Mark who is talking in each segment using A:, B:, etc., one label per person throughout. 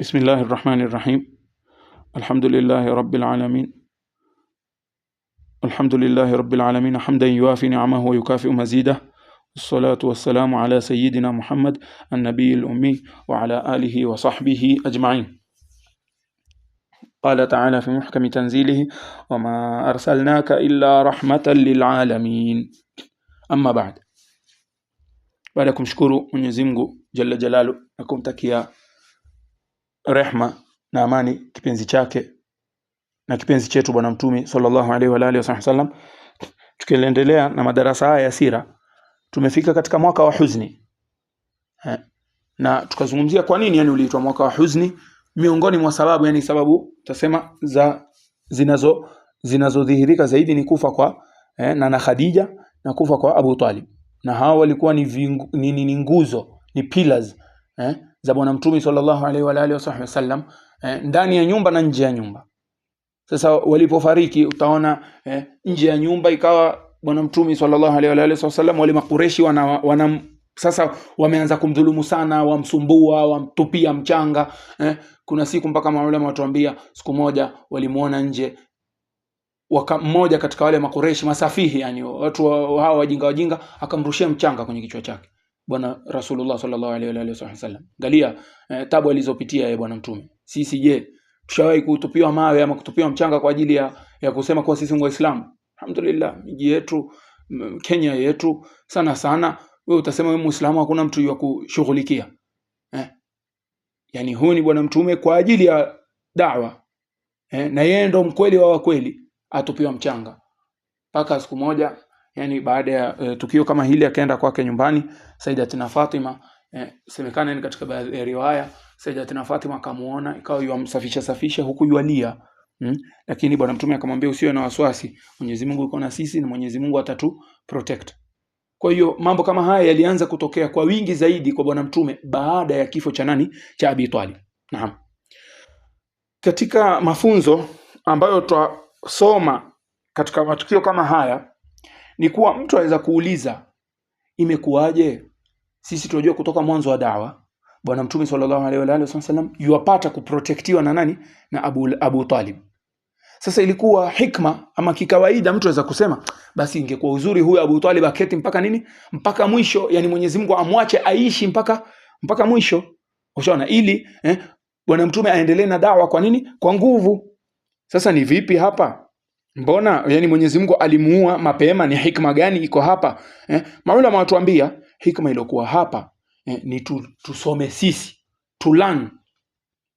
A: بسم الله الرحمن الرحيم الحمد لله رب العالمين الحمد لله رب العالمين حمدا يوافي نعمه ويكافئ مزيده الصلاة والسلام على سيدنا محمد النبي الأمي وعلى آله وصحبه أجمعين قال تعالى في محكم تنزيله وما أرسلناك إلا رحمة للعالمين أما بعد بعدكم شكروا من يزمغوا جل جلاله أكم تكيا rehma na amani kipenzi chake na kipenzi chetu Bwana Mtume sallallahu alaihi wa alihi wasallam. Tukiendelea na madarasa haya ya sira, tumefika katika mwaka wa huzni ha. Eh, na tukazungumzia kwa nini yani uliitwa mwaka wa huzni. Miongoni mwa sababu yani sababu tutasema za zinazo zinazodhihirika zaidi ni kufa kwa eh, na na Khadija na kufa kwa Abu Talib, na hawa walikuwa ni, ni, ni, ni nguzo ni pillars eh, za Bwana Mtume sallallahu alaihi wa alihi wasahbihi wasallam eh, ndani ya nyumba na nje ya nyumba. Sasa walipofariki utaona eh, nje ya nyumba ikawa Bwana Mtume sallallahu alaihi wa alihi wasallam wale makureshi wana, wana sasa wameanza kumdhulumu sana, wamsumbua, wamtupia mchanga eh. Kuna siku mpaka maulama watuambia, siku moja walimuona nje waka mmoja katika wale makureshi masafihi, yani watu hawa wajinga wajinga, akamrushia mchanga kwenye kichwa chake bwana Rasulullah sallallahu alaihi wa wasallam. galia eh, tabu alizopitia yeye bwana mtume. Sisi je, tushawahi kutupiwa mawe ama kutupiwa mchanga kwa ajili ya, ya kusema kuwa sisi ni Waislamu? Alhamdulillah, miji yetu mm, Kenya yetu sana sana, wewe utasema wewe Muislamu, hakuna mtu wa kushughulikia eh? Yani huyu ni bwana mtume kwa ajili ya dawa eh? na yeye ndo mkweli wa wakweli, atupiwa mchanga mpaka siku moja yani baada ya e, tukio kama hili akaenda kwake nyumbani Sayyidatina Fatima e, semekana ni katika baadhi ya riwaya Sayyidatina Fatima akamuona ikawa yuamsafisha safisha huku yualia Hmm? Lakini bwana mtume akamwambia usiwe na wasiwasi, Mwenyezi Mungu yuko na sisi na Mwenyezi Mungu atatu protect. Kwa hiyo mambo kama haya yalianza kutokea kwa wingi zaidi kwa bwana mtume baada ya kifo cha nani cha Abi Talib. Naam. Katika mafunzo ambayo twasoma katika matukio kama haya ni kuwa mtu anaweza kuuliza imekuwaje? Sisi tunajua kutoka mwanzo wa dawa Bwana Mtume sallallahu alaihi wa wasallam yuwapata kuprotektiwa na nani? Na Abu, Abu Talib. Sasa ilikuwa hikma ama kikawaida, mtu anaweza kusema basi ingekuwa uzuri huyu Abu Talib aketi mpaka nini, mpaka mwisho, yani Mwenyezi Mungu amwache aishi mpaka mpaka mwisho, ushaona, ili eh, Bwana Mtume aendelee na dawa. Kwa nini? Kwa nguvu. Sasa ni vipi hapa? Mbona yani Mwenyezi Mungu alimuua mapema? Ni hikma gani iko hapa eh? Maulama watuambia hikma iliyokuwa hapa eh, ni tu, tusome sisi tulan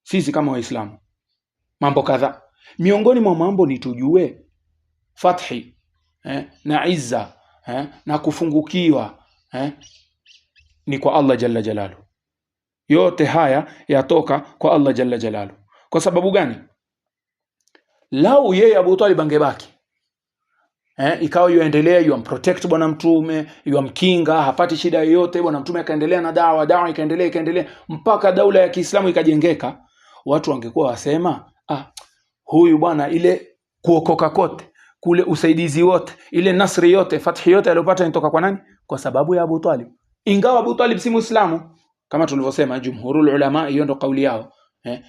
A: sisi kama Waislamu mambo kadhaa. Miongoni mwa mambo ni tujue fathi eh, na izza eh, na kufungukiwa eh, ni kwa Allah jalla jalalu. Yote haya yatoka kwa Allah jalla jalalu. Kwa sababu gani? lau yeye Abu Talib angebaki eh, ikawa yuendelea yuamprotect bwana mtume yuamkinga hapati shida yoyote bwana mtume akaendelea na dawa dawa ikaendelea ikaendelea mpaka daula ya Kiislamu ikajengeka watu wangekuwa wasema ah, huyu bwana ile kuokoka kote kule usaidizi wote ile nasri yote fathi yote aliyopata inatoka kwa nani kwa sababu ya Abu Talib ingawa Abu Talib si Muislamu kama tulivyosema jumhurul ulama hiyo ndo kauli yao eh.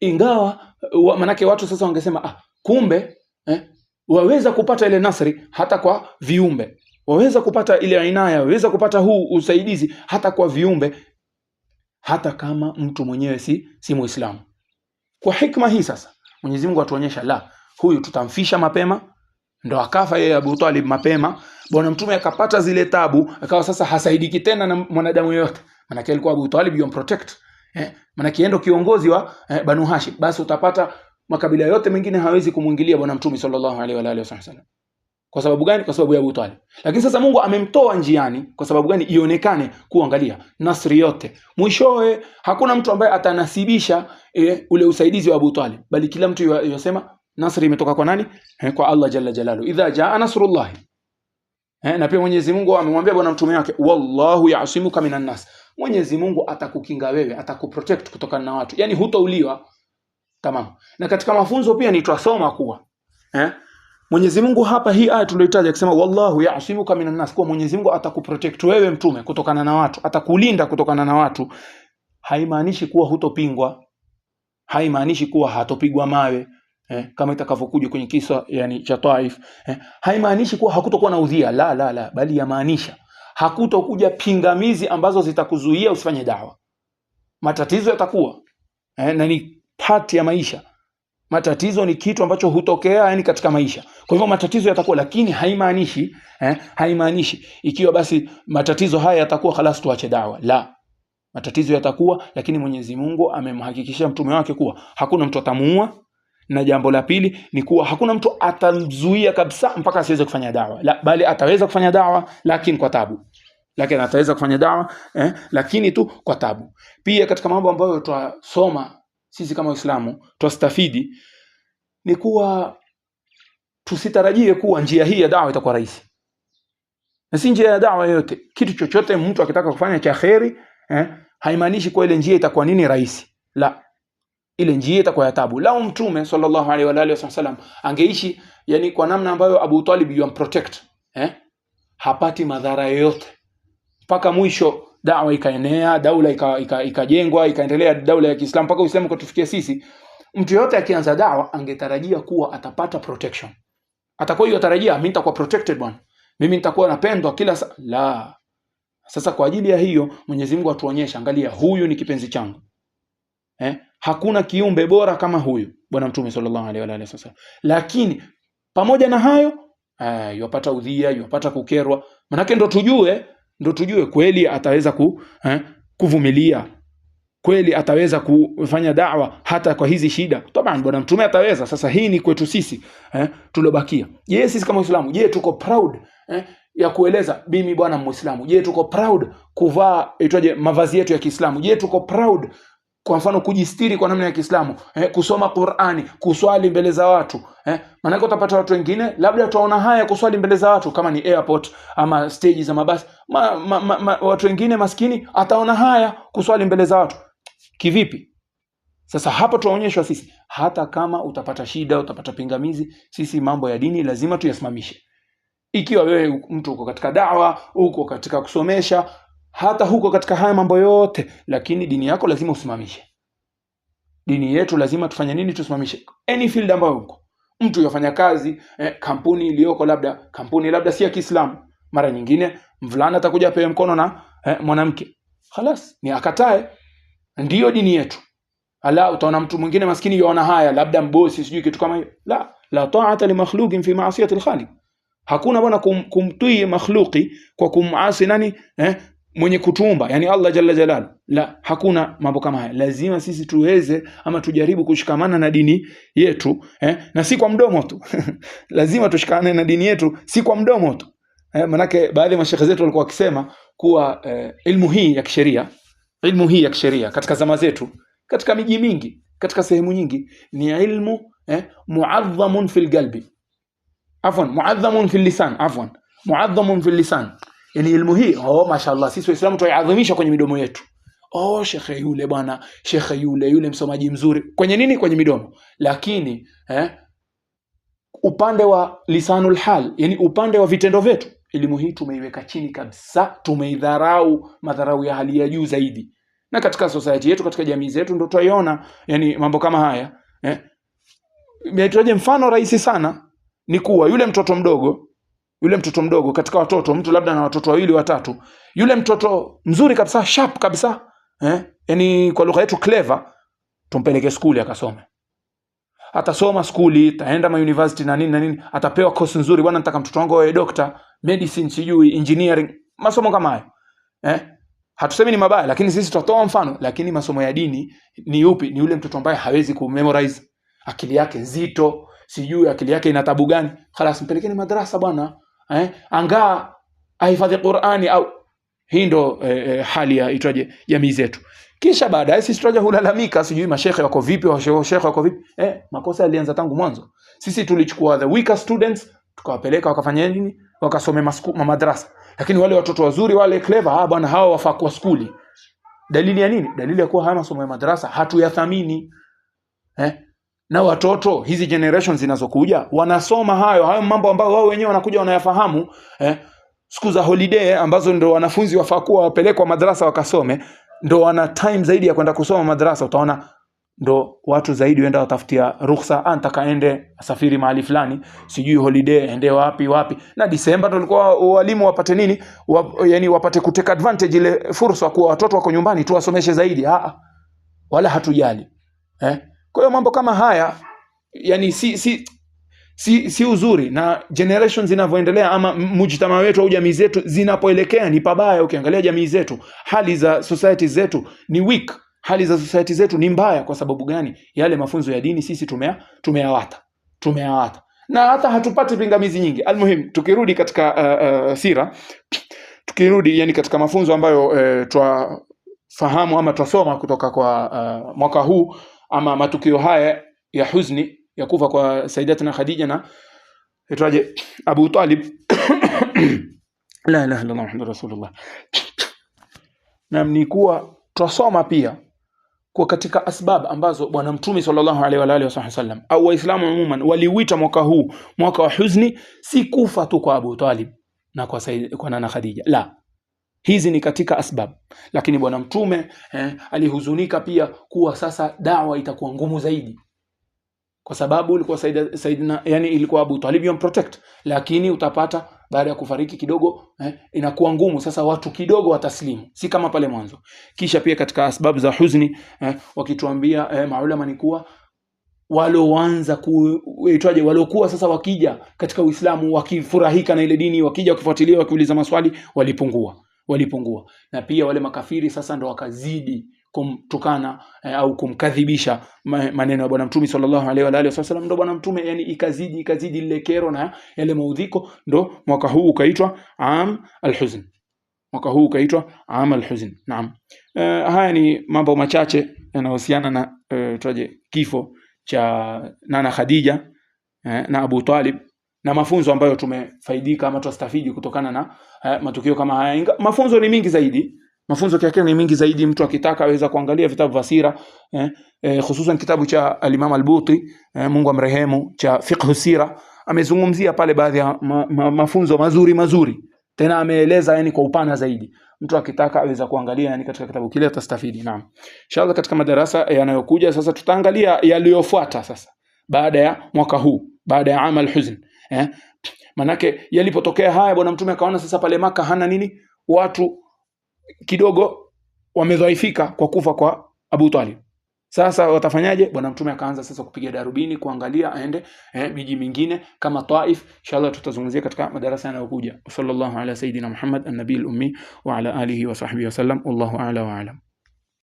A: ingawa wa, manake watu sasa wangesema ah, Kumbe eh, waweza kupata ile nasri hata kwa viumbe, waweza kupata ile inaya, waweza kupata huu usaidizi hata kwa viumbe, hata kama mtu mwenyewe si, si Muislamu. Kwa hikma hii sasa Mwenyezi Mungu atuonyesha la huyu tutamfisha mapema, ndo akafa yeye Abu Talib mapema. Bwana Mtume akapata zile tabu, akawa sasa hasaidiki tena na mwanadamu yoyote, manake alikuwa Abu Talib yom protect eh, manake yeye ndo kiongozi wa eh, Banu Hashim. Basi utapata makabila yote mengine hawezi kumwingilia bwana mtume sallallahu alaihi wa alihi wasallam kwa sababu gani kwa sababu ya Abu Talib lakini sasa Mungu amemtoa njiani kwa sababu gani ionekane kuangalia nasri yote mwishowe hakuna mtu ambaye atanasibisha e, ule usaidizi wa Abu Talib bali kila mtu yasema nasri imetoka kwa nani He, kwa Allah jalla jalalu idha jaa nasrullahi eh, na pia Mwenyezi Mungu amemwambia bwana mtume wake wallahu yasimuka minan nas Mwenyezi Mungu atakukinga wewe atakuprotect kutokana na watu yani hutauliwa Tamam. Na katika mafunzo pia ni nitwasoma kuwa eh? Mwenyezi Mungu hapa hii aya tuliyotaja akisema wallahu ya'simuka minan nas, kwa Mwenyezi Mungu atakuprotect wewe mtume kutokana na watu, atakulinda kutokana na watu. Haimaanishi kuwa hutopingwa, haimaanishi kuwa hatopigwa mawe eh, kama itakavyokuja kwenye kisa yani cha Taif eh, haimaanishi kuwa hakutokuwa na udhia, la la la, bali yamaanisha hakutokuja pingamizi ambazo zitakuzuia usifanye dawa. Matatizo yatakuwa eh, na ni hati ya maisha. Matatizo ni kitu ambacho hutokea yani katika maisha. Kwa hivyo matatizo yatakuwa, lakini haimaanishi eh, haimaanishi ikiwa basi matatizo haya yatakuwa khalas tuache dawa. La, matatizo yatakuwa, lakini Mwenyezi Mungu amemhakikishia mtume wake kuwa hakuna mtu atamuua, na jambo la pili ni kuwa hakuna mtu atamzuia kabisa mpaka asiweze kufanya dawa la, bali ataweza kufanya dawa lakini kwa tabu lakini ataweza kufanya dawa eh, lakini tu kwa tabu. Pia katika mambo ambayo tutasoma sisi kama Waislamu twastafidi ni kuwa tusitarajie kuwa njia hii ya dawa itakuwa rahisi, na si njia ya dawa yoyote. Kitu chochote mtu akitaka kufanya cha kheri eh, haimaanishi kuwa ile njia itakuwa nini rahisi, la ile njia itakuwa ya tabu. Lau Mtume sallallahu alaihi wa alihi wasallam angeishi yani kwa namna ambayo Abu Talib yuam protect eh, hapati madhara yoyote mpaka mwisho dawa ikaenea daula ikajengwa ika, ika ikaendelea daula ya kiislamu mpaka uislamu ukatufikia sisi mtu yoyote akianza dawa angetarajia kuwa atapata protection atakuwa hiyo tarajia mimi nitakuwa protected bwana mimi nitakuwa napendwa kila sa la sasa kwa ajili ya hiyo mwenyezi mungu atuonyesha angalia huyu ni kipenzi changu eh? hakuna kiumbe bora kama huyu bwana mtume sallallahu alaihi wa alihi lakini pamoja na hayo eh, yupata udhia yupata kukerwa manake ndo tujue ndo tujue kweli ataweza ku, eh, kuvumilia kweli ataweza kufanya dawa hata kwa hizi shida. Taban bwana mtume ataweza. Sasa hii ni kwetu sisi eh, tuliobakia Je, sisi kama Waislamu, je, tuko proud eh, ya kueleza mimi bwana mwislamu Je, tuko proud kuvaa itwaje mavazi yetu ya Kiislamu? Je, tuko proud kwa mfano kujistiri kwa namna ya Kiislamu eh, kusoma Qur'ani, kuswali mbele za watu eh. Maanake utapata watu wengine labda utaona haya kuswali mbele za watu kama ni airport ama stage za mabasi ma, ma, ma, ma, watu wengine maskini ataona haya kuswali mbele za watu kivipi? Sasa hapa tunaonyeshwa sisi, hata kama utapata shida, utapata pingamizi, sisi mambo ya dini lazima tuyasimamishe. Ikiwa wewe mtu uko katika dawa, uko katika kusomesha, hata huko katika haya mambo yote, lakini dini yako lazima usimamishe. Dini yetu lazima tufanye nini? Tusimamishe any field ambayo uko mtu yafanya kazi eh, kampuni iliyoko labda kampuni labda si ya Kiislamu, mara nyingine mvulana atakuja apewe mkono na eh, mwanamke, halas ni akatae, ndiyo dini yetu. Ala, utaona mtu mwingine maskini yaona haya, labda mbosi, sijui kitu kama hiyo. La, la ta'ata li makhluqin fi ma'siyati al-khaliq, hakuna bwana kumtii makhluqi kwa kumasi nani eh, mwenye kutumba yani Allah jalla jalalu. La, hakuna mambo kama haya. Lazima sisi tuweze ama tujaribu kushikamana na dini yetu eh, na si kwa mdomo tu lazima tushikamane na dini yetu, si kwa mdomo tu eh, manake baadhi ya mashekhe zetu walikuwa wakisema kuwa eh, ilmu hii ya kisheria, ilmu hii ya kisheria katika zama zetu, katika miji mingi, katika sehemu nyingi ni ilmu eh, muadhamun fil qalbi, afwan muadhamun fil lisan, afwan muadhamun fil lisan yani ilmu hii oh, mashallah sisi waislamu tuiadhimisha kwenye midomo yetu oh, shekhe yule bwana shekhe yule yule msomaji mzuri kwenye nini kwenye midomo lakini eh, upande wa lisanul hal yani upande wa vitendo vyetu elimu hii tumeiweka chini kabisa tumeidharau madharau ya hali ya juu zaidi na katika society yetu katika jamii zetu ndo tutaiona yani mambo kama haya eh. Yaani mfano rahisi sana ni kuwa yule mtoto mdogo yule mtoto mdogo katika watoto, mtu labda na watoto wawili watatu, yule mtoto mzuri kabisa, sharp kabisa eh, yani kwa lugha yetu clever, tumpeleke skuli akasome. Atasoma skuli, taenda ma university na nini na nini, atapewa course nzuri. Bwana, nataka mtoto wangu awe doctor, medicine, sijui engineering, masomo kama hayo eh. Hatusemi ni mabaya, lakini sisi tutatoa mfano. Lakini masomo ya dini ni upi? Ni yule mtoto ambaye hawezi ku memorize, akili yake nzito, sijui akili yake ina tabu gani, khalas mpelekeni madrasa bwana eh, angaa ahifadhi Qur'ani au hii ndo eh, eh, hali ya itwaje jamii zetu. Kisha baadaye sisi tutaja hulalamika, sijui mashehe wako vipi, washekhe wako vipi. Eh, makosa yalianza tangu mwanzo. Sisi tulichukua the weaker students tukawapeleka wakafanya nini, wakasome madrasa, lakini wale watoto wazuri wale clever, ah bwana, hao wafaa kwa skuli. Dalili ya nini? Dalili ya kuwa haya masomo ya madrasa hatuyathamini eh? na watoto hizi generation zinazokuja wanasoma hayo hayo mambo ambayo wao wenyewe wanakuja wanayafahamu eh, siku za holiday ambazo ndo wanafunzi wafaa kuwa wapelekwa madrasa wakasome, ndo wana time zaidi ya kwenda kusoma madrasa. Utaona ndo watu zaidi wenda watafutia ruhusa, anataka ah, ende asafiri mahali fulani, sijui holiday ende wapi wapi. Na Disemba ndo walikuwa walimu wapate nini wa, yani wapate kuteka advantage ile fursa kuwa watoto wako nyumbani tuwasomeshe zaidi. Ah, wala hatujali eh kwa hiyo mambo kama haya yani si, si, si, si uzuri, na generation zinavyoendelea ama mjitama wetu au jamii zetu zinapoelekea ni pabaya. Ukiangalia jamii zetu, hali za society zetu ni weak, hali za society zetu ni mbaya. Kwa sababu gani? Yale mafunzo ya dini sisi tumea tumeawata tumeawata na hata hatupati pingamizi nyingi. Almuhim, tukirudi katika uh, uh, sira, tukirudi yani katika mafunzo ambayo uh, eh, twafahamu ama twasoma kutoka kwa uh, mwaka huu ama matukio haya ya huzni ya kufa kwa Sayyidatina Khadija na itwaje Abu Talib la ilaha illallah Muhammadur Rasulullah. Na ni kuwa twasoma pia kwa katika asbab ambazo Bwana Mtume sallallahu alaihi wa alihi wasallam au Waislamu umuman waliuita mwaka huu mwaka wa huzni si kufa tu kwa Abu Talib na kwa, kwa nana Khadija la Hizi ni katika asbab, lakini bwana mtume eh, alihuzunika pia kuwa sasa dawa itakuwa ngumu zaidi kwa sababu ilikuwa Saidina, Saidina, yani ilikuwa Abu Talib yom protect, lakini utapata baada ya kufariki kidogo eh, inakuwa ngumu sasa, watu kidogo wataslimu, si kama pale mwanzo. Kisha pia katika asbabu za huzni eh, wakituambia eh, maulama ni kuwa waloanza kuitwaje, walokuwa sasa wakija katika Uislamu wakifurahika na ile dini, wakija wakifuatilia, wakiuliza maswali walipungua walipungua, na pia wale makafiri sasa ndo wakazidi kumtukana eh, au kumkadhibisha maneno ya Bwana Mtume sallallahu alaihi wa alihi wasallam. Ndo Bwana Mtume yani ikazidi ikazidi lile kero na yale maudhiko, ndo mwaka huu ukaitwa am alhuzn, mwaka huu ukaitwa am alhuzn. Naam, eh, haya ni mambo machache yanayohusiana na eh, tuaje kifo cha nana Khadija eh, na Abu Talib na mafunzo ambayo tumefaidika ama twastafidi kutokana na eh, matukio kama haya. Inga, mafunzo ni mingi zaidi. Mafunzo kiakili ni mingi zaidi, mtu akitaka aweza kuangalia vitabu vya sira eh, eh, hususan kitabu cha al albuti eh, Mungu amrehemu cha fiqh sira, amezungumzia pale baadhi ya ma, ma, mafunzo mazuri mazuri tena ameeleza yani kwa upana zaidi. Mtu akitaka aweza kuangalia yani katika kitabu kile atastafidi. Naam, inshallah katika madarasa yanayokuja sasa tutaangalia yaliyofuata sasa baada ya mwaka huu, baada ya amal huzn eh? Manake yalipotokea haya, bwana mtume akaona sasa pale Maka hana nini, watu kidogo wamedhaifika kwa kufa kwa Abu Talib. Sasa watafanyaje? Bwana mtume akaanza sasa kupiga darubini, kuangalia aende eh, miji mingine kama Taif. Inshallah tutazungumzia katika madarasa yanayokuja. Sallallahu ala sayidina Muhammad an-nabiyil ummi wa ala alihi wa sahbihi wasallam. Wallahu a'la wa a'lam.